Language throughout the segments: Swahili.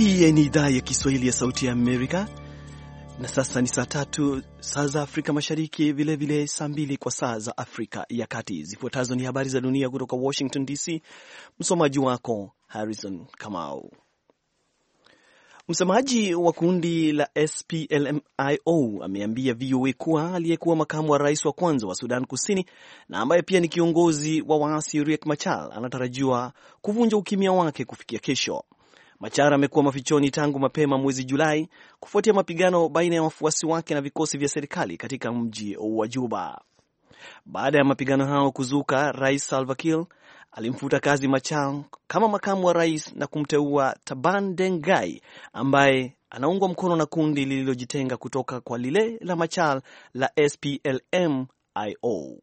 Hii ni idhaa ya Kiswahili ya Sauti ya Amerika, na sasa ni saa tatu saa za Afrika Mashariki, vilevile saa mbili kwa saa za Afrika ya Kati. Zifuatazo ni habari za dunia kutoka Washington DC. Msomaji wako Harrison Kamau. Msemaji wa kundi la SPLMIO ameambia VOA kuwa aliyekuwa makamu wa rais wa kwanza wa Sudan Kusini na ambaye pia ni kiongozi wa waasi Riek Machar anatarajiwa kuvunja ukimya wake kufikia kesho. Machar amekuwa mafichoni tangu mapema mwezi Julai kufuatia mapigano baina ya wafuasi wake na vikosi vya serikali katika mji wa Juba. Baada ya mapigano hayo kuzuka, Rais Salva Kiir alimfuta kazi Machar kama makamu wa rais na kumteua Taban dengai ambaye anaungwa mkono na kundi lililojitenga kutoka kwa lile la Machar la SPLM-IO.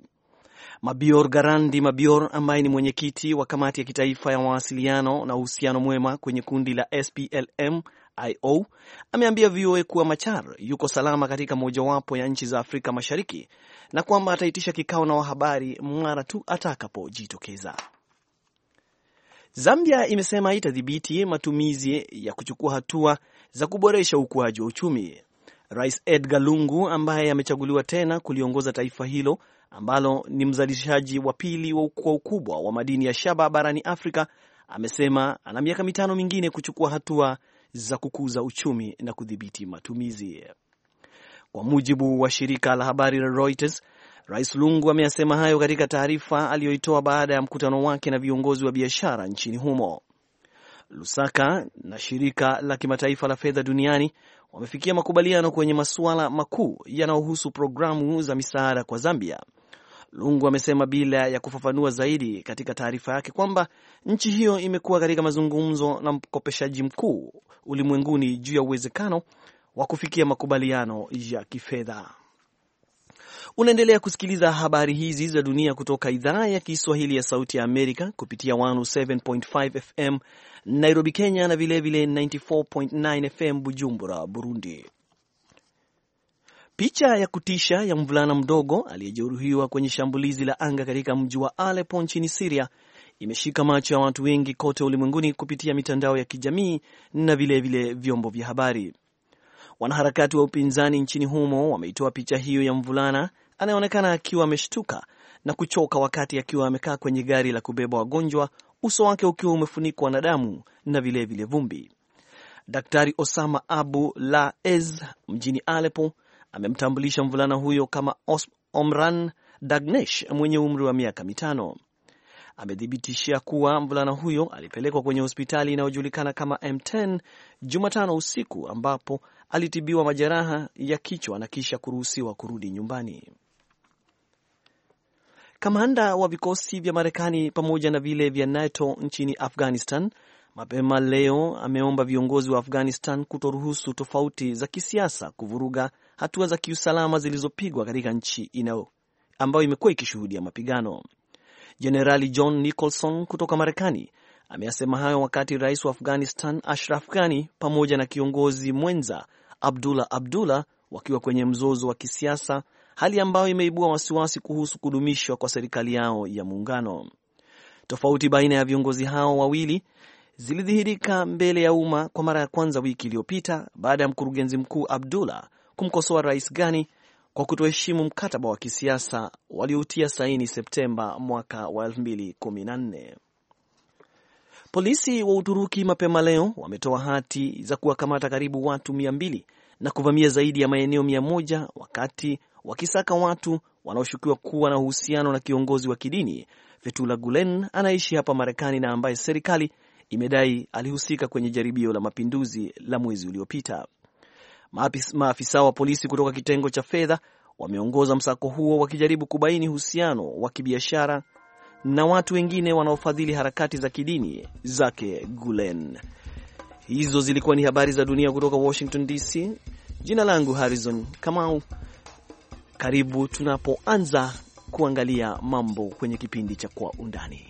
Mabior Garandi Mabior ambaye ni mwenyekiti wa kamati ya kitaifa ya mawasiliano na uhusiano mwema kwenye kundi la SPLM IO ameambia VOA kuwa Machar yuko salama katika mojawapo ya nchi za Afrika Mashariki na kwamba ataitisha kikao na wahabari mara tu atakapojitokeza. Zambia imesema itadhibiti matumizi ya kuchukua hatua za kuboresha ukuaji wa uchumi. Rais Edgar Lungu ambaye amechaguliwa tena kuliongoza taifa hilo ambalo ni mzalishaji wa pili kwa ukubwa wa madini ya shaba barani Afrika, amesema ana miaka mitano mingine kuchukua hatua za kukuza uchumi na kudhibiti matumizi. Kwa mujibu wa shirika la habari la Reuters, Rais Lungu ameyasema hayo katika taarifa aliyoitoa baada ya mkutano wake na viongozi wa biashara nchini humo. Lusaka na shirika la kimataifa la fedha duniani wamefikia makubaliano kwenye masuala makuu yanayohusu programu za misaada kwa Zambia Lungu amesema bila ya kufafanua zaidi katika taarifa yake kwamba nchi hiyo imekuwa katika mazungumzo na mkopeshaji mkuu ulimwenguni juu ya uwezekano wa kufikia makubaliano ya kifedha. Unaendelea kusikiliza habari hizi za dunia kutoka idhaa ya Kiswahili ya Sauti ya Amerika kupitia 107.5 FM Nairobi, Kenya, na vilevile 94.9 FM Bujumbura, Burundi. Picha ya kutisha ya mvulana mdogo aliyejeruhiwa kwenye shambulizi la anga katika mji wa Aleppo nchini Syria imeshika macho ya watu wengi kote ulimwenguni kupitia mitandao ya kijamii na vilevile vile vyombo vya habari. Wanaharakati wa upinzani nchini humo wameitoa picha hiyo ya mvulana anayeonekana akiwa ameshtuka na kuchoka wakati akiwa amekaa kwenye gari la kubeba wagonjwa, uso wake ukiwa umefunikwa na damu na vilevile vile vumbi. Daktari Osama Abu Ez mjini Aleppo amemtambulisha mvulana huyo kama Omran Dagnesh mwenye umri wa miaka mitano. amethibitishia kuwa mvulana huyo alipelekwa kwenye hospitali inayojulikana kama M10 Jumatano usiku ambapo alitibiwa majeraha ya kichwa na kisha kuruhusiwa kurudi nyumbani. Kamanda wa vikosi vya Marekani pamoja na vile vya NATO nchini Afghanistan mapema leo ameomba viongozi wa Afghanistan kutoruhusu tofauti za kisiasa kuvuruga hatua za kiusalama zilizopigwa katika nchi inayo ambayo imekuwa ikishuhudia mapigano. Jenerali John Nicholson kutoka Marekani ameyasema hayo wakati rais wa Afghanistan Ashraf Ghani pamoja na kiongozi mwenza Abdullah Abdullah wakiwa kwenye mzozo wa kisiasa, hali ambayo imeibua wasiwasi kuhusu kudumishwa kwa serikali yao ya muungano. Tofauti baina ya viongozi hao wawili zilidhihirika mbele ya umma kwa mara ya kwanza wiki iliyopita baada ya mkurugenzi mkuu Abdullah kumkosoa rais Gani kwa kutoheshimu mkataba wa kisiasa walioutia saini Septemba mwaka wa 2014. Polisi wa Uturuki mapema leo wametoa hati za kuwakamata karibu watu 200 na kuvamia zaidi ya maeneo 100 wakati wakisaka watu wanaoshukiwa kuwa na uhusiano na kiongozi wa kidini Fethullah Gulen anaishi hapa Marekani na ambaye serikali imedai alihusika kwenye jaribio la mapinduzi la mwezi uliopita. Maafisa wa polisi kutoka kitengo cha fedha wameongoza msako huo wakijaribu kubaini uhusiano wa kibiashara na watu wengine wanaofadhili harakati za kidini zake Gulen. Hizo zilikuwa ni habari za dunia kutoka Washington DC. Jina langu Harrison Kamau. Karibu tunapoanza kuangalia mambo kwenye kipindi cha Kwa Undani.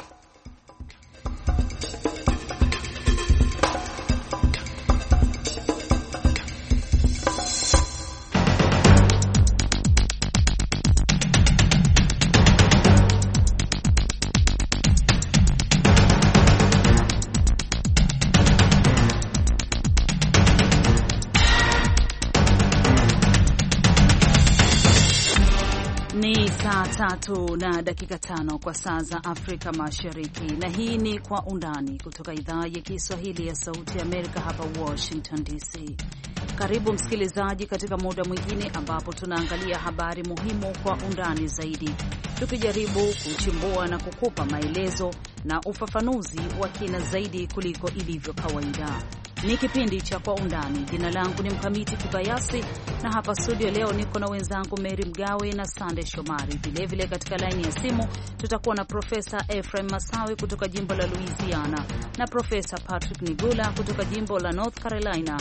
tatu na dakika tano kwa saa za Afrika Mashariki, na hii ni Kwa Undani kutoka idhaa ya Kiswahili ya Sauti ya Amerika hapa Washington DC. Karibu msikilizaji, katika muda mwingine ambapo tunaangalia habari muhimu kwa undani zaidi, tukijaribu kuchimbua na kukupa maelezo na ufafanuzi wa kina zaidi kuliko ilivyo kawaida. Ni kipindi cha Kwa Undani. Jina langu ni Mkamiti Kibayasi, na hapa studio leo niko na wenzangu Meri Mgawe na Sande Shomari. Vilevile katika laini ya simu tutakuwa na Profesa Efraim Masawi kutoka jimbo la Louisiana na Profesa Patrick Nigula kutoka jimbo la North Carolina,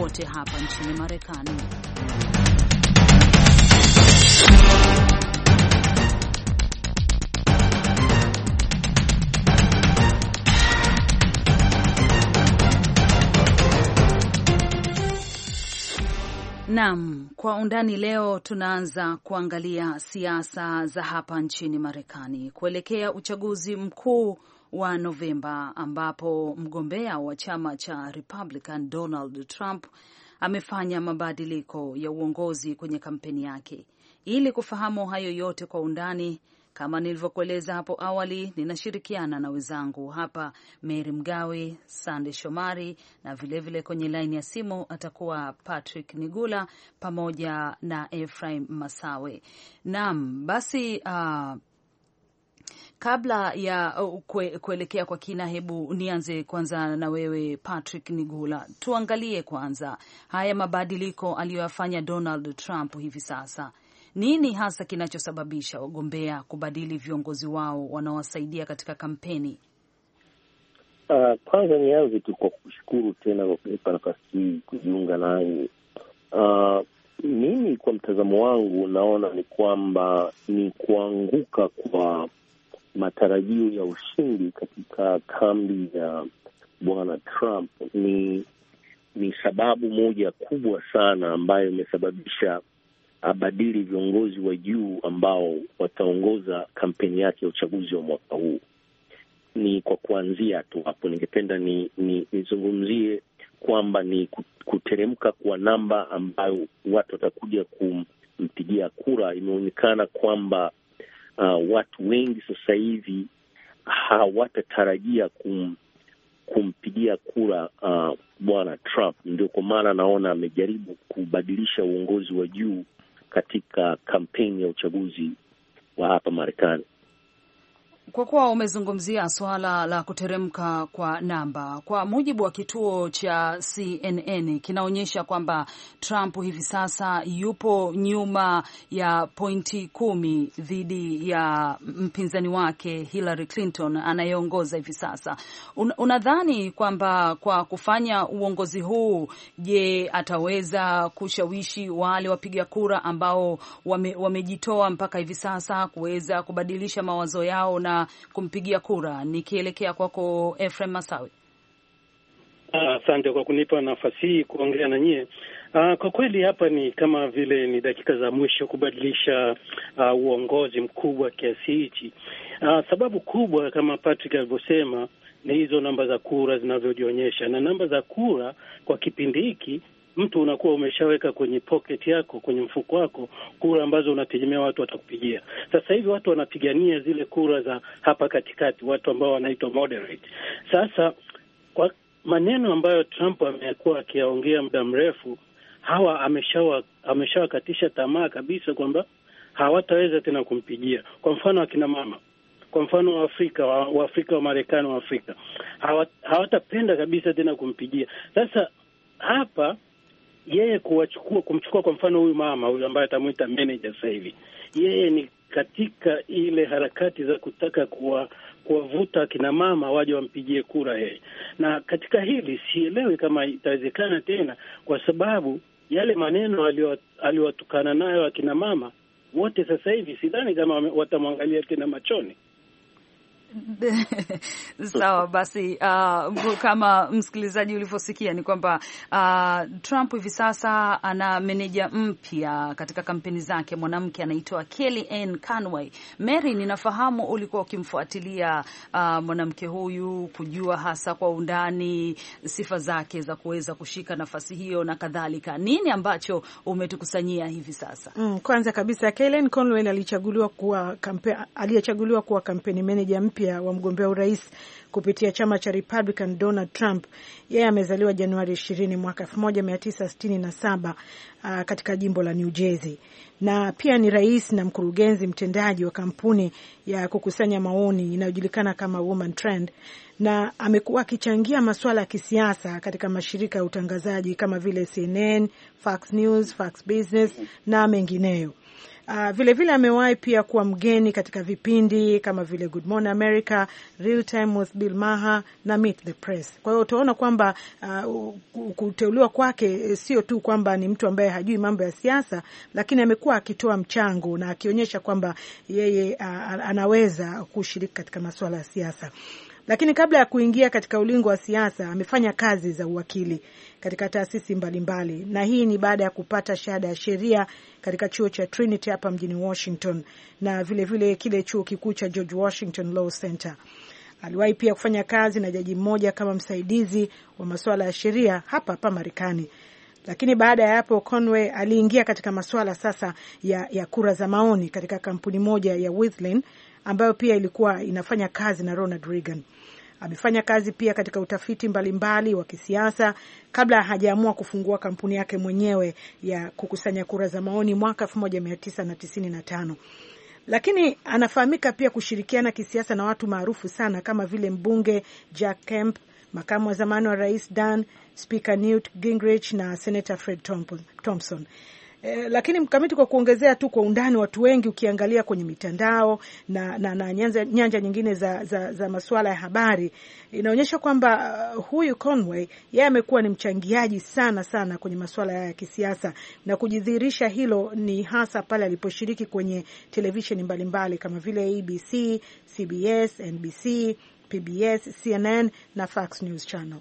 wote hapa nchini Marekani. Naam, kwa undani leo tunaanza kuangalia siasa za hapa nchini Marekani kuelekea uchaguzi mkuu wa Novemba ambapo mgombea wa chama cha Republican Donald Trump amefanya mabadiliko ya uongozi kwenye kampeni yake. Ili kufahamu hayo yote kwa undani kama nilivyokueleza hapo awali, ninashirikiana na wenzangu hapa mery Mgawe, Sande Shomari na vilevile vile kwenye laini ya simu atakuwa Patrick Nigula pamoja na Efraim Masawe. Naam, basi uh, kabla ya uh, kwe, kuelekea kwa kina, hebu nianze kwanza na wewe Patrick Nigula, tuangalie kwanza haya mabadiliko aliyoyafanya Donald Trump hivi sasa nini hasa kinachosababisha wagombea kubadili viongozi wao wanaowasaidia katika kampeni? Uh, kwanza nianze tu kwa kushukuru tena kwa kunipa nafasi hii kujiunga nanyi. Uh, mimi kwa mtazamo wangu naona ni kwamba ni kuanguka kwa matarajio ya ushindi katika kambi ya bwana Trump ni ni sababu moja kubwa sana ambayo imesababisha abadili viongozi wa juu ambao wataongoza kampeni yake ya uchaguzi wa mwaka huu. Ni kwa kuanzia tu hapo, ningependa ni, ni, nizungumzie kwamba ni kuteremka kwa namba ambayo watu watakuja kumpigia kura. Imeonekana kwamba uh, watu wengi sasa hivi hawatatarajia kum kumpigia kura uh, bwana Trump. Ndio kwa maana naona amejaribu kubadilisha uongozi wa juu katika kampeni ya uchaguzi wa hapa Marekani kwa kuwa umezungumzia suala la kuteremka kwa namba, kwa mujibu wa kituo cha CNN kinaonyesha kwamba Trump hivi sasa yupo nyuma ya pointi kumi dhidi ya mpinzani wake Hillary Clinton anayeongoza hivi sasa. Un, unadhani kwamba kwa kufanya uongozi huu, je, ataweza kushawishi wale wapiga kura ambao wamejitoa wame mpaka hivi sasa kuweza kubadilisha mawazo yao na kumpigia kura. Nikielekea kwako Efrem Masawi. Asante ah, kwa kunipa nafasi hii kuongea na nyie. Ah, kwa kweli hapa ni kama vile ni dakika za mwisho kubadilisha ah, uongozi mkubwa kiasi hichi. Ah, sababu kubwa kama Patrick alivyosema ni hizo namba za kura zinavyojionyesha, na namba za kura kwa kipindi hiki mtu unakuwa umeshaweka kwenye pocket yako, kwenye mfuko wako, kura ambazo unategemea watu watakupigia. Sasa hivi watu wanapigania zile kura za hapa katikati, watu ambao wanaitwa moderate. Sasa kwa maneno ambayo Trump amekuwa akiyaongea muda mrefu, hawa ameshawakatisha tamaa kabisa kwamba hawataweza tena kumpigia. Kwa mfano akina mama, kwa mfano Waafrika, Waafrika wa Marekani, Waafrika hawatapenda kabisa tena kumpigia. Sasa hapa yeye kuwachukua, kumchukua kwa mfano huyu mama huyu ambaye atamwita manager sasa hivi, yeye ni katika ile harakati za kutaka kuwa kuwavuta akina mama waje wampigie kura yeye. Na katika hili sielewi kama itawezekana tena, kwa sababu yale maneno aliyowatukana nayo akina mama wote sasa hivi sidhani kama watamwangalia tena machoni. Sawa basi, uh, kama msikilizaji ulivyosikia ni kwamba uh, Trump hivi sasa ana meneja mpya katika kampeni zake, mwanamke anaitwa Kelly Ann Conway. Mary, ninafahamu ulikuwa ukimfuatilia uh, mwanamke huyu kujua hasa kwa undani sifa zake za kuweza kushika nafasi hiyo na kadhalika. Nini ambacho umetukusanyia hivi sasa? Mm, kwanza kabisa Kelly Ann Conway alichaguliwa kuwa aliyechaguliwa kuwa kampeni meneja mpya mpya wa mgombea urais kupitia chama cha Republican Donald Trump. Yeye amezaliwa Januari 20 mwaka 1967 uh, ah, katika jimbo la New Jersey, na pia ni rais na mkurugenzi mtendaji wa kampuni ya kukusanya maoni inayojulikana kama Woman Trend, na amekuwa akichangia masuala ya kisiasa katika mashirika ya utangazaji kama vile CNN, Fox News, Fox Business na mengineyo. Uh, ah, vilevile amewahi pia kuwa mgeni katika vipindi kama vile Good Morning America, Real Time with Bill Maher na Meet the Press. Kwa hiyo utaona kwamba uh, kuteuliwa kwake eh, sio tu kwamba ni mtu ambaye hajui mambo ya siasa, lakini amekuwa akitoa mchango na akionyesha kwamba yeye uh, anaweza kushiriki katika masuala ya siasa. Lakini kabla ya kuingia katika ulingo wa siasa amefanya kazi za uwakili katika taasisi mbalimbali mbali. Na hii ni baada ya kupata shahada ya sheria katika chuo cha Trinity hapa mjini Washington na vilevile vile kile chuo kikuu cha George Washington Law Center. Aliwahi pia kufanya kazi na jaji mmoja kama msaidizi wa masuala ya sheria hapa hapa Marekani. Lakini baada ya hapo Conway aliingia katika masuala sasa ya, ya kura za maoni katika kampuni moja ya Withlin ambayo pia ilikuwa inafanya kazi na Ronald Reagan. Amefanya kazi pia katika utafiti mbalimbali wa kisiasa kabla hajaamua kufungua kampuni yake mwenyewe ya kukusanya kura za maoni mwaka 1995 lakini anafahamika pia kushirikiana kisiasa na watu maarufu sana kama vile mbunge Jack Kemp, makamu wa zamani wa rais Dan, spika Newt Gingrich na senata Fred Thompson eh, lakini mkamiti, kwa kuongezea tu kwa undani, watu wengi ukiangalia kwenye mitandao na, na, na nyanja, nyanja nyingine za, za, za masuala ya habari inaonyesha kwamba uh, huyu Conway yeye amekuwa ni mchangiaji sana sana kwenye masuala ya kisiasa na kujidhihirisha hilo ni hasa pale aliposhiriki kwenye televisheni mbalimbali kama vile ABC, CBS, NBC, PBS, CNN na Fox News Channel.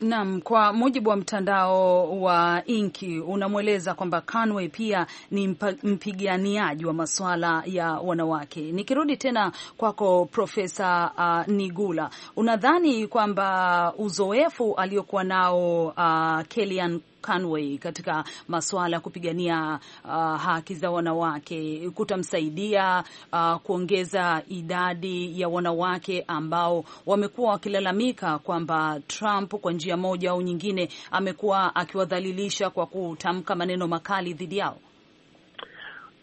Naam, kwa mujibu wa mtandao wa Inki unamweleza kwamba Conway pia ni mpiganiaji wa masuala ya wanawake. Nikirudi tena kwako Profesa uh, Nigula, unadhani kwamba uzoefu aliokuwa nao uh, Kellyanne Conway katika masuala ya kupigania uh, haki za wanawake kutamsaidia uh, kuongeza idadi ya wanawake ambao wamekuwa wakilalamika kwamba Trump kwa njia moja au nyingine amekuwa akiwadhalilisha kwa kutamka maneno makali dhidi yao?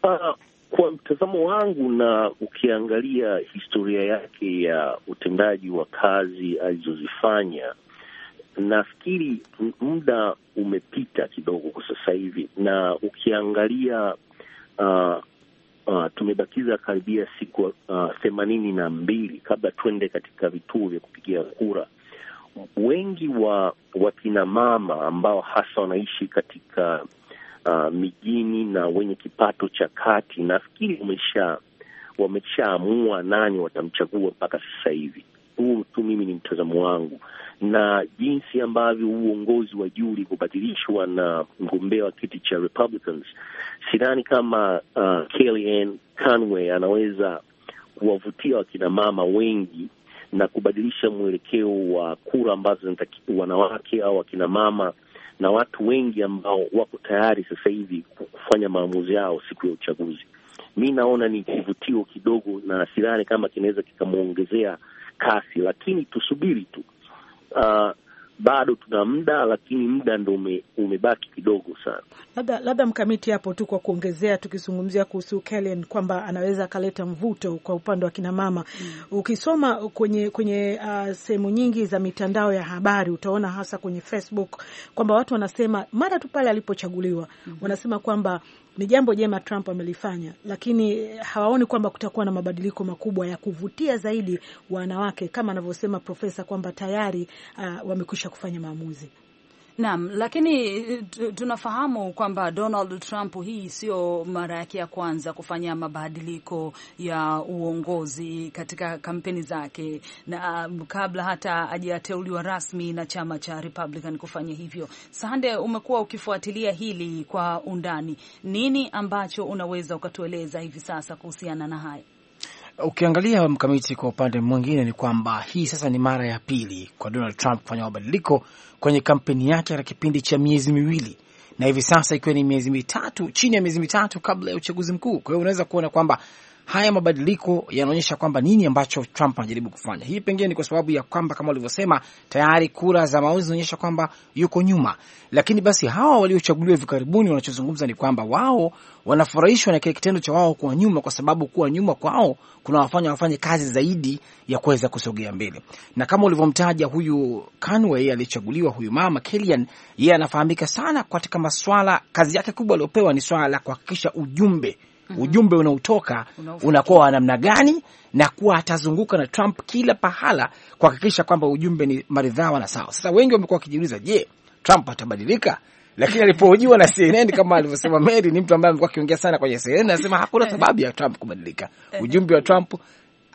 Uh, kwa mtazamo wangu na ukiangalia historia yake ya utendaji wa kazi alizozifanya nafikiri muda umepita kidogo kwa sasa hivi, na ukiangalia uh, uh, tumebakiza karibia siku uh, themanini uh, na mbili kabla tuende katika vituo vya kupigia kura. Wengi wa wakinamama ambao hasa wanaishi katika uh, mijini na wenye kipato cha kati, nafikiri wamesha wameshaamua nani watamchagua mpaka sasa hivi. Huu tu mimi ni mtazamo wangu, na jinsi ambavyo uongozi wa juu ulivyobadilishwa na mgombea wa kiti cha Republicans, sidhani kama uh, Kellyanne Conway anaweza kuwavutia wakinamama wengi na kubadilisha mwelekeo wa kura ambazo wanawake au wakinamama na watu wengi ambao wako tayari sasa hivi kufanya maamuzi yao siku ya uchaguzi. Mi naona ni kivutio kidogo, na sidhani kama kinaweza kikamwongezea kasi, lakini tusubiri tu. Uh, bado tuna muda, lakini muda ndo ume, umebaki kidogo sana. Labda labda mkamiti hapo tu kwa kuongezea, tukizungumzia kuhusu Kellen kwamba anaweza akaleta mvuto kwa upande wa kina mama mm. Ukisoma kwenye kwenye uh, sehemu nyingi za mitandao ya habari utaona hasa kwenye Facebook kwamba watu wanasema mara tu pale alipochaguliwa mm -hmm. wanasema kwamba ni jambo jema Trump amelifanya, lakini hawaoni kwamba kutakuwa na mabadiliko makubwa ya kuvutia zaidi wanawake, kama anavyosema profesa kwamba tayari uh, wamekwisha kufanya maamuzi. Naam, lakini eh, tunafahamu kwamba Donald Trump hii sio mara yake ya kwanza kufanya mabadiliko ya uongozi katika kampeni zake, na um, kabla hata hajateuliwa rasmi na chama cha Republican kufanya hivyo. Sande, umekuwa ukifuatilia hili kwa undani, nini ambacho unaweza ukatueleza hivi sasa kuhusiana na haya? Ukiangalia mkamiti kwa upande mwingine, ni kwamba hii sasa ni mara ya pili kwa Donald Trump kufanya mabadiliko kwenye kampeni yake ya kipindi cha miezi miwili na hivi sasa ikiwa ni miezi mitatu, chini ya miezi mitatu kabla ya uchaguzi mkuu. Kwa hiyo unaweza kuona kwamba haya mabadiliko yanaonyesha kwamba nini ambacho Trump anajaribu kufanya. Hii pengine ni kwa sababu ya kwamba kama ulivyosema tayari kura za maoni zinaonyesha kwamba yuko nyuma, lakini basi hawa waliochaguliwa hivi karibuni wanachozungumza ni kwamba wao wanafurahishwa na kile kitendo cha wao kuwa nyuma, kwa sababu kuwa nyuma kwao kuna wafanya wafanye kazi zaidi ya kuweza kusogea mbele. Na kama ulivyomtaja huyu Conway aliyechaguliwa, huyu mama Kellyanne, yeye anafahamika sana katika maswala, kazi yake kubwa aliyopewa ni swala la kuhakikisha ujumbe -hmm. ujumbe unaotoka unakuwa wa namna gani, na kuwa atazunguka na Trump kila pahala kuhakikisha kwamba ujumbe ni maridhawa na sawa. Sasa wengi wamekuwa wakijiuliza, je, Trump atabadilika? Lakini alipohojiwa na CNN kama alivyosema Mary, ni mtu ambaye amekuwa akiongea sana kwenye CNN, anasema hakuna sababu ya Trump kubadilika. Eh. Ujumbe wa Trump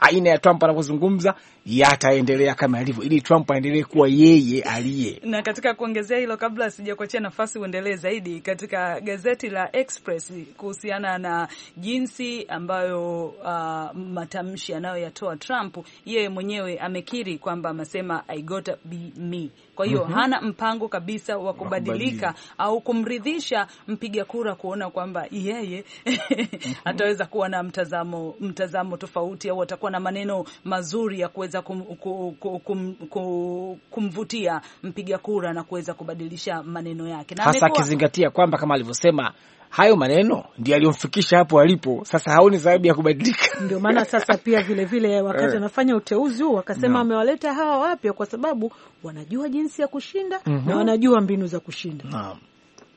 aina ya Trump anavyozungumza yataendelea kama yalivyo, ili Trump aendelee kuwa yeye aliye. Na katika kuongezea hilo, kabla sijakuachia nafasi uendelee zaidi, katika gazeti la Express kuhusiana na jinsi ambayo uh, matamshi anayoyatoa Trump, yeye mwenyewe amekiri kwamba amesema I gotta be me. Kwa hiyo mm -hmm. hana mpango kabisa wa kubadilika au kumridhisha mpiga kura kuona kwamba yeye mhm. ataweza kuwa na mtazamo mtazamo tofauti au atakuwa na maneno mazuri ya kuweza kum, kum, kum, kum, kumvutia mpiga kura na kuweza kubadilisha maneno yake, na hasa akizingatia kwamba kama alivyosema hayo maneno ndio aliyomfikisha hapo alipo. Sasa haoni sababu ya kubadilika. Ndio maana sasa pia vilevile vile wakati eh. anafanya uteuzi huu wakasema no. amewaleta hawa wapya kwa sababu wanajua jinsi ya kushinda mm -hmm. na mhm. wanajua mbinu za kushinda no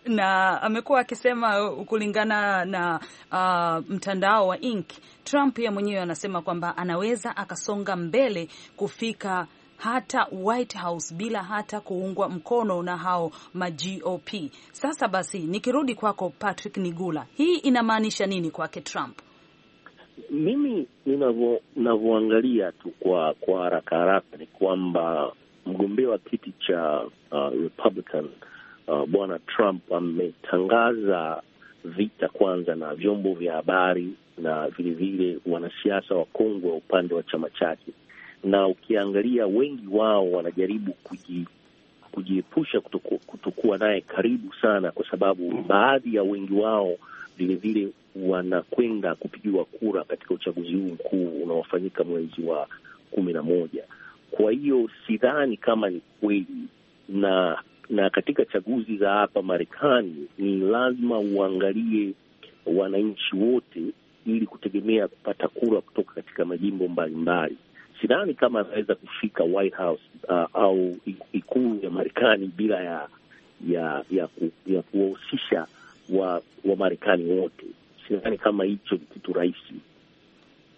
na amekuwa akisema kulingana na uh, mtandao wa Inc, Trump yeye mwenyewe anasema kwamba anaweza akasonga mbele kufika hata White House bila hata kuungwa mkono na hao ma GOP. Sasa basi, nikirudi kwako Patrick Nigula, hii inamaanisha nini kwake Trump? Mimi ninavyoangalia tu kwa kwa haraka haraka ni kwamba mgombea wa kiti cha uh, Republican uh, bwana Trump ametangaza vita kwanza na vyombo vya habari na vilevile wanasiasa wakongwe wa upande wa chama chake, na ukiangalia wengi wao wanajaribu kuji kujiepusha kutokuwa naye karibu sana, kwa sababu baadhi ya wengi wao vilevile wanakwenda kupigiwa kura katika uchaguzi huu mkuu unaofanyika mwezi wa kumi na moja. Kwa hiyo sidhani kama ni kweli na na katika chaguzi za hapa Marekani ni lazima uangalie wananchi wote ili kutegemea kupata kura kutoka katika majimbo mbalimbali. Sidhani kama anaweza kufika White House uh, au ikulu ya Marekani bila ya ya ya, ku, ya kuwahusisha wa marekani wote. Sidhani kama hicho ni kitu rahisi.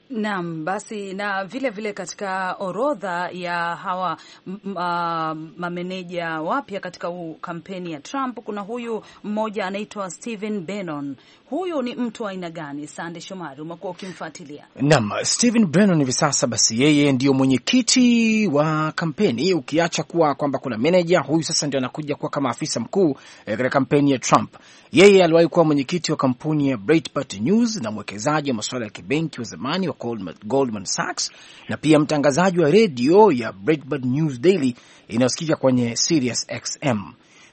Naam, basi na vile vile katika orodha ya hawa uh, mameneja wapya katika kampeni ya Trump kuna huyu mmoja anaitwa Stephen Bannon huyu ni mtu wa aina gani? Sande Shomari, umekuwa ukimfuatilia. Naam, Stephen Bannon hivi sasa basi yeye ndiyo mwenyekiti wa kampeni, ukiacha kuwa kwamba kuna meneja, huyu sasa ndio anakuja kuwa kama afisa mkuu eh, katika kampeni ya Trump. Yeye aliwahi kuwa mwenyekiti wa kampuni ya Breitbart News na mwekezaji wa masuala ya kibenki wa zamani wa Goldman, Goldman Sachs na pia mtangazaji wa redio ya Breitbart News Daily inayosikika kwenye Sirius XM.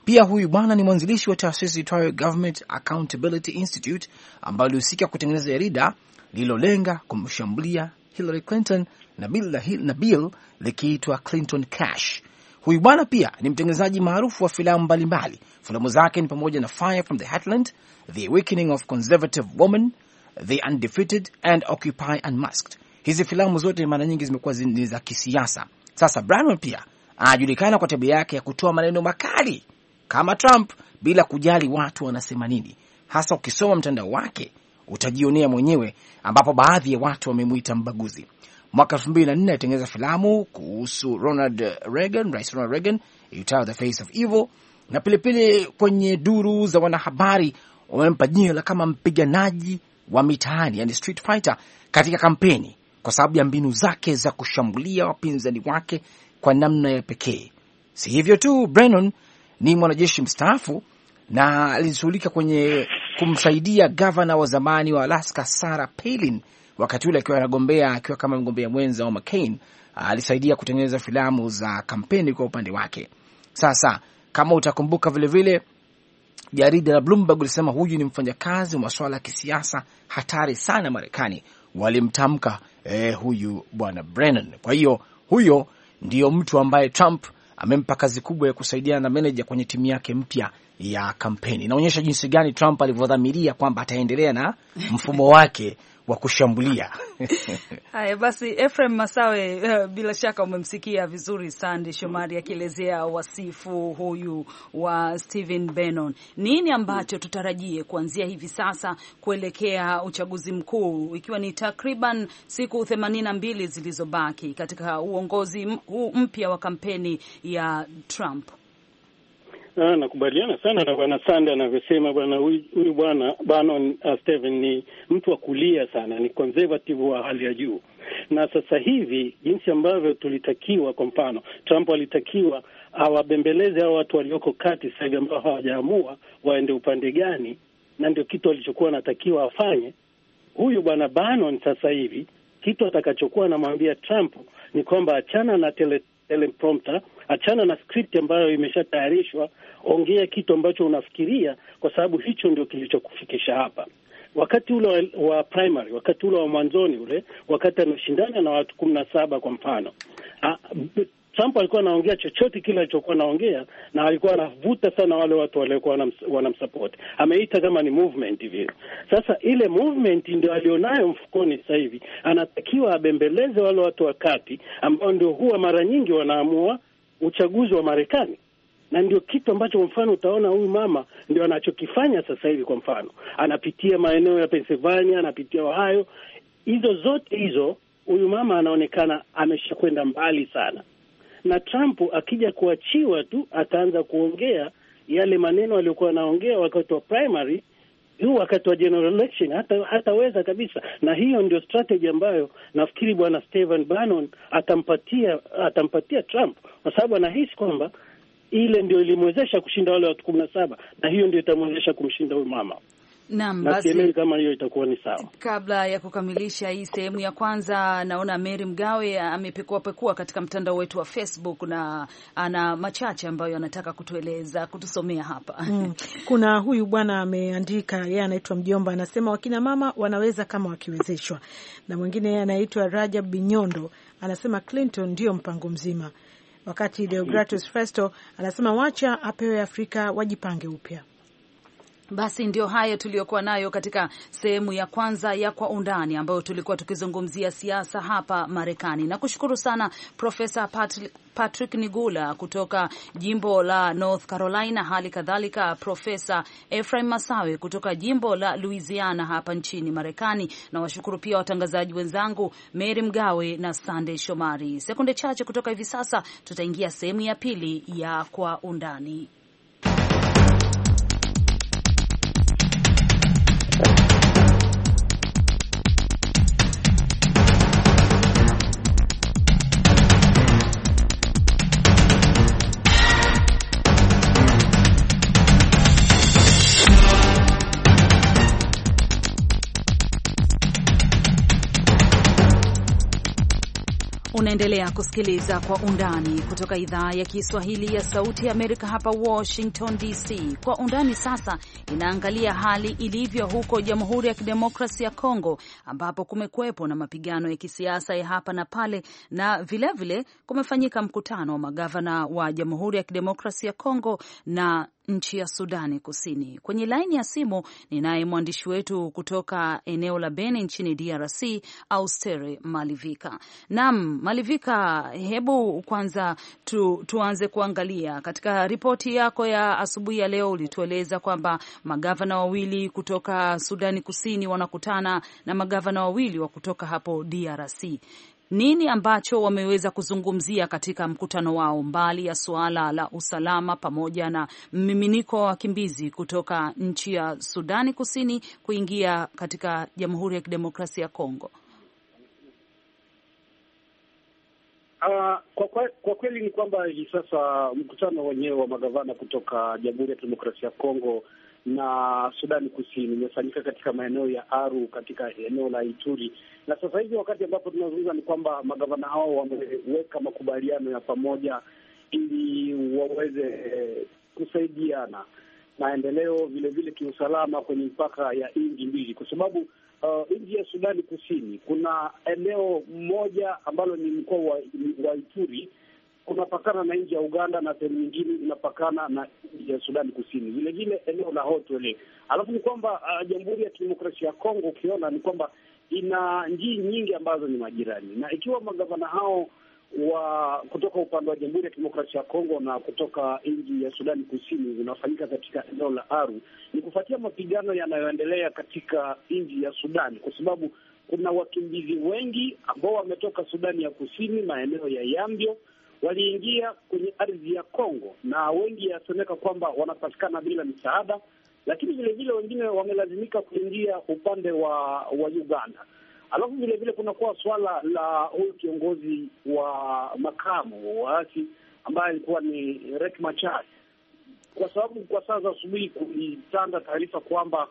Pia huyu bwana ni mwanzilishi wa taasisi itwayo Government Accountability Institute ambayo ilihusika kutengeneza jarida lililolenga kumshambulia Hillary Clinton na Bill, na Bill likiitwa Clinton Cash. Huyu bwana pia ni mtengenezaji maarufu wa filamu mbalimbali. Filamu zake ni pamoja na Fire from the Heartland, The Awakening of Conservative Woman, The Undefeated and Occupy Unmasked. Hizi filamu zote mara nyingi zimekuwa ni za kisiasa. Sasa Branwell pia anajulikana kwa tabia yake ya kutoa maneno makali kama Trump bila kujali watu wanasema nini. Hasa ukisoma mtandao wake utajionea mwenyewe, ambapo baadhi ya watu wamemwita mbaguzi. Mwaka elfu mbili na nne alitengeneza filamu kuhusu Ronald Reagan, Rais Ronald Reagan iitwayo The Face of Evil, na pilepile kwenye duru za wanahabari wamempa jina la kama mpiganaji wa mitaani, yani street fighter, katika kampeni kwa sababu ya mbinu zake za kushambulia wapinzani wake kwa namna ya pekee. Si hivyo tu, Brennan ni mwanajeshi mstaafu na alishughulika kwenye kumsaidia gavana wa zamani wa Alaska Sarah Palin wakati ule akiwa anagombea akiwa kama mgombea mwenza wa McCain. Alisaidia kutengeneza filamu za kampeni kwa upande wake. Sasa kama utakumbuka vilevile, jarida la Bloomberg lisema huyu ni mfanyakazi wa masuala ya kisiasa hatari sana Marekani, walimtamka eh, huyu bwana Brennan. Kwa hiyo huyo ndiyo mtu ambaye Trump amempa kazi kubwa ya kusaidiana na meneja kwenye timu yake mpya ya kampeni. Inaonyesha jinsi gani Trump alivyodhamiria kwamba ataendelea na mfumo wake wa kushambulia. Haya basi, efrem Masawe, uh, bila shaka umemsikia vizuri Sandi Shomari akielezea wasifu huyu wa Stephen Bannon. Nini ambacho tutarajie kuanzia hivi sasa kuelekea uchaguzi mkuu, ikiwa ni takriban siku mbili zilizobaki katika uongozi huu mpya wa kampeni ya Trump? Ah, nakubaliana sana na bwana Sande anavyosema bwana huyu bwana Bannon uh, Steven ni mtu wa kulia sana, ni conservative wa hali ya juu. Na sasa hivi jinsi ambavyo tulitakiwa, kwa mfano Trump alitakiwa awabembeleze hao watu walioko kati sasa hivi ambao hawajaamua waende upande gani, na ndio kitu alichokuwa anatakiwa afanye. Huyu bwana Bannon sasa hivi kitu atakachokuwa anamwambia Trump ni kwamba achana na tele teleprompter, achana na script ambayo imeshatayarishwa, ongea kitu ambacho unafikiria, kwa sababu hicho ndio kilichokufikisha hapa. Wakati ule wa primary, wakati ule wa mwanzoni ule, wakati anashindana na watu kumi na saba kwa mfano, ah, Trump alikuwa anaongea chochote kile alichokuwa anaongea, na alikuwa anavuta sana wale watu waliokuwa wanamsupport. Ameita kama ni movement hivi. Sasa ile movement ndio alionayo mfukoni sasa hivi, anatakiwa abembeleze wale watu wa kati ambao ndio huwa mara nyingi wanaamua uchaguzi wa Marekani na ndio kitu ambacho kwa mfano utaona huyu mama ndio anachokifanya sasa hivi. Kwa mfano, anapitia maeneo ya Pennsylvania, anapitia Ohio, hizo zote hizo, huyu mama anaonekana ameshakwenda mbali sana na Trump akija kuachiwa tu ataanza kuongea yale maneno aliyokuwa anaongea wakati wa primary huu wakati wa general election hata hataweza kabisa, na hiyo ndio strategy ambayo nafikiri bwana Stephen Bannon atampatia atampatia Trump, kwa sababu anahisi kwamba ile ndio ilimwezesha kushinda wale watu kumi na saba, na hiyo ndio itamwezesha kumshinda huyu mama. Naam, basi kama hiyo itakuwa ni sawa. Kabla ya kukamilisha hii sehemu ya kwanza, naona Mary Mgawe amepekua pekua katika mtandao wetu wa Facebook na ana machache ambayo anataka kutueleza, kutusomea hapa mm. Kuna huyu bwana ameandika, yeye anaitwa Mjomba, anasema wakina mama wanaweza kama wakiwezeshwa. Na mwingine yeye anaitwa Rajab Binyondo anasema Clinton ndio mpango mzima, wakati Deogratus Festo anasema wacha apewe Afrika wajipange upya. Basi ndio hayo tuliyokuwa nayo katika sehemu ya kwanza ya Kwa Undani, ambayo tulikuwa tukizungumzia siasa hapa Marekani. Nakushukuru sana Profesa Patrick Nigula kutoka jimbo la North Carolina, hali kadhalika Profesa Efraim Masawe kutoka jimbo la Louisiana hapa nchini Marekani. Nawashukuru pia watangazaji wenzangu Mary Mgawe na Sandey Shomari. Sekunde chache kutoka hivi sasa, tutaingia sehemu ya pili ya Kwa Undani. Unaendelea kusikiliza Kwa Undani kutoka idhaa ya Kiswahili ya Sauti ya Amerika, hapa Washington DC. Kwa Undani sasa inaangalia hali ilivyo huko Jamhuri ya Kidemokrasi ya Kongo, ambapo kumekuwepo na mapigano ya kisiasa ya hapa na pale, na vilevile vile kumefanyika mkutano wa magavana wa Jamhuri ya Kidemokrasi ya Kongo na nchi ya Sudani Kusini. Kwenye laini ya simu ninaye mwandishi wetu kutoka eneo la Beni nchini DRC, Austere Malivika. Naam, Malivika, hebu kwanza tu, tuanze kuangalia katika ripoti yako ya asubuhi ya leo. Ulitueleza kwamba magavana wawili kutoka Sudani Kusini wanakutana na magavana wawili wa kutoka hapo DRC nini ambacho wameweza kuzungumzia katika mkutano wao, mbali ya suala la usalama pamoja na mmiminiko wa wakimbizi kutoka nchi ya Sudani Kusini kuingia katika Jamhuri ya Kidemokrasia ya Kongo? Uh, kwa, kwa, kwa kweli ni kwamba hivi sasa mkutano wenyewe wa magavana kutoka Jamhuri ya Kidemokrasia ya Kongo na Sudani Kusini, imefanyika katika maeneo ya Aru katika eneo la Ituri, na sasa hivi wakati ambapo tunazungumza ni kwamba magavana hao wameweka makubaliano ya pamoja ili waweze eh, kusaidiana maendeleo vilevile kiusalama kwenye mpaka ya nchi mbili, kwa sababu uh, nchi ya Sudani Kusini kuna eneo moja ambalo ni mkoa wa, wa Ituri unapakana na nchi ya Uganda na sehemu nyingine inapakana na nchi ya Sudani Kusini, vile vile eneo la Hotwele. Alafu ni kwamba uh, Jamhuri ya Kidemokrasia ya Kongo ukiona ni kwamba ina njii nyingi ambazo ni majirani, na ikiwa magavana hao wa kutoka upande wa Jamhuri ya Kidemokrasia ya Kongo na kutoka nchi ya Sudani Kusini zinafanyika katika eneo la Aru ni kufuatia mapigano yanayoendelea katika nchi ya Sudani kwa sababu kuna wakimbizi wengi ambao wametoka Sudani ya Kusini, maeneo ya Yambio waliingia kwenye ardhi ya Kongo, na wengi yasemeka kwamba wanapatikana bila misaada, lakini vilevile wengine wamelazimika kuingia upande wa wa Uganda. Alafu vilevile kunakuwa suala la huyu kiongozi wa makamu waasi ambaye alikuwa ni Riek Machar, kwa sababu kwa saa za asubuhi kulitanda taarifa kwamba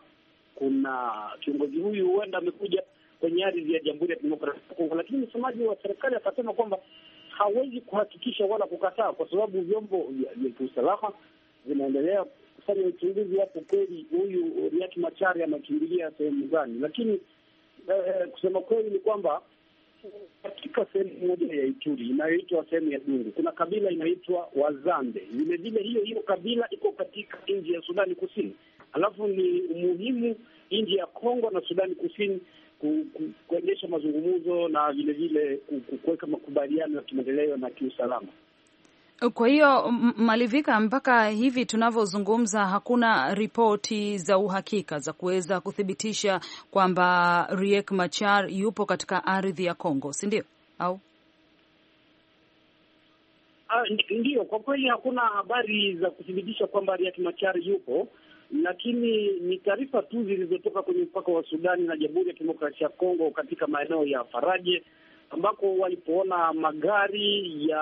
kuna kiongozi huyu huenda amekuja kwenye ardhi ya Jamhuri ya Kidemokrasia ya Kongo, lakini msemaji wa serikali akasema kwamba hawezi kuhakikisha wala kukataa, kwa sababu vyombo vya kiusalama vinaendelea kufanya uchunguzi hapo, kweli huyu Riaki Machari amekimbilia sehemu gani. Lakini eh, kusema kweli ni kwamba katika sehemu moja ya Ituri inayoitwa sehemu ya Dungu kuna kabila inaitwa Wazambe. Vilevile hiyo hiyo kabila iko katika nchi ya Sudani Kusini. Alafu ni umuhimu nchi ya Kongo na Sudani Kusini kuendesha mazungumzo na vilevile kuweka makubaliano ya kimaendeleo na kiusalama. Kwa hiyo malivika, mpaka hivi tunavyozungumza, hakuna ripoti za uhakika za kuweza kuthibitisha kwamba Riek Machar yupo katika ardhi ya congo si ndio? Au ah, ndiyo, kwa kweli hakuna habari za kuthibitisha kwamba Riek Machar yupo lakini ni taarifa tu zilizotoka kwenye mpaka wa Sudani na Jamhuri ya Kidemokrasia ya Kongo katika maeneo ya Faraje ambako walipoona magari ya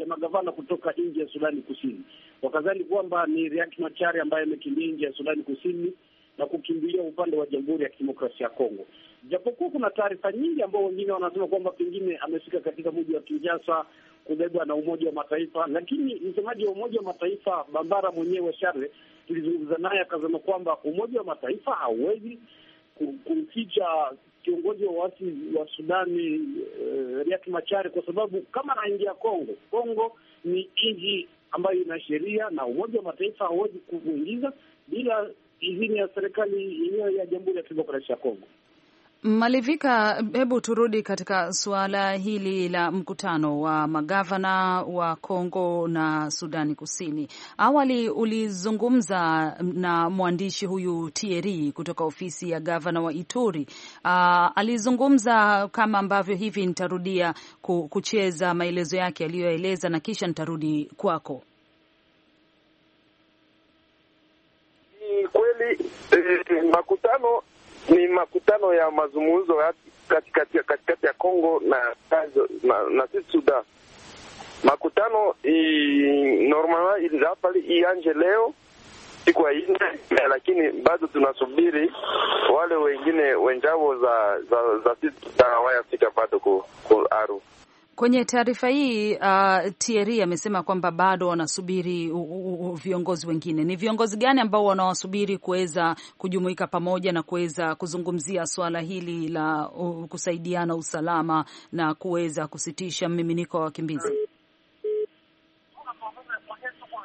ya magavana kutoka nji ya Sudani Kusini, wakadhani kwamba ni Riek Machar ambaye amekimbia nji ya Sudani Kusini na kukimbilia upande wa Jamhuri ya Kidemokrasia ya Kongo, japokuwa kuna taarifa nyingi ambao wengine wanasema kwamba pengine amefika katika mji wa Kinshasa kubebwa na Umoja wa Mataifa, lakini msemaji wa Umoja wa Mataifa Bambara mwenyewe Share tulizungumza naye akasema kwamba Umoja wa Mataifa hauwezi kumficha kiongozi wa waasi wa Sudani uh, Riek Machari kwa sababu kama anaingia Kongo, Kongo ni nchi ambayo ina sheria na Umoja wa Mataifa hauwezi kumwingiza bila idhini ya serikali yenyewe ya Jamhuri ya Kidemokrasia ya Kongo. Malivika, hebu turudi katika suala hili la mkutano wa magavana wa Kongo na Sudani Kusini. Awali ulizungumza na mwandishi huyu Tieri kutoka ofisi ya gavana wa Ituri. Uh, alizungumza kama ambavyo hivi, nitarudia kucheza maelezo yake aliyoeleza na kisha nitarudi kwako. Ni kweli eh, eh makutano ni makutano ya mazungumzo katikati katikati ya Kongo na na, na sisi Sudan. Makutano i normala ilizapali ianje leo siku ya lakini bado tunasubiri wale wengine wenjao za za, za sisi Sudan wayafika bado ku, ku aru Kwenye taarifa hii uh, Thierry amesema kwamba bado wanasubiri viongozi wengine. Ni viongozi gani ambao wanawasubiri kuweza kujumuika pamoja na kuweza kuzungumzia suala hili la uh, kusaidiana usalama na kuweza kusitisha mmiminiko wa wakimbizi?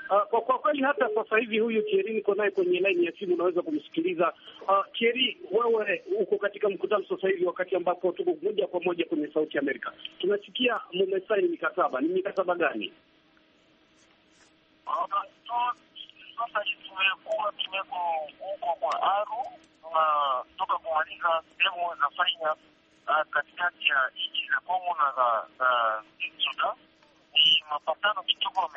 Ah, kwa, kwa kweli hata sasa hivi huyu Thierry niko naye kwenye laini ya simu, unaweza kumsikiliza. Uh, Thierry, wewe uko katika mkutano sasa hivi, wakati ambapo tuko moja kwa moja kwenye Sauti ya Amerika, tunasikia mumesaini mikataba. Ni mikataba gani? Ah, sasa tumekuwa tumeko huko kwa Aru, kumaliza sehemu za katikati ya nchi za Kongo na za Sudan. Ni mapatano kidogo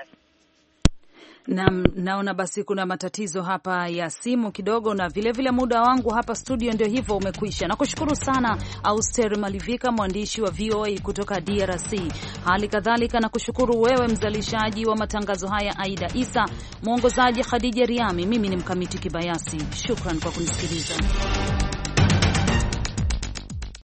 na naona basi kuna matatizo hapa ya simu kidogo, na vilevile vile muda wangu hapa studio ndio hivyo umekwisha. Nakushukuru sana Auster Malivika, mwandishi wa VOA kutoka DRC. Hali kadhalika nakushukuru wewe mzalishaji wa matangazo haya Aida Isa, mwongozaji Khadija Riami. Mimi ni Mkamiti Kibayasi, shukran kwa kunisikiliza.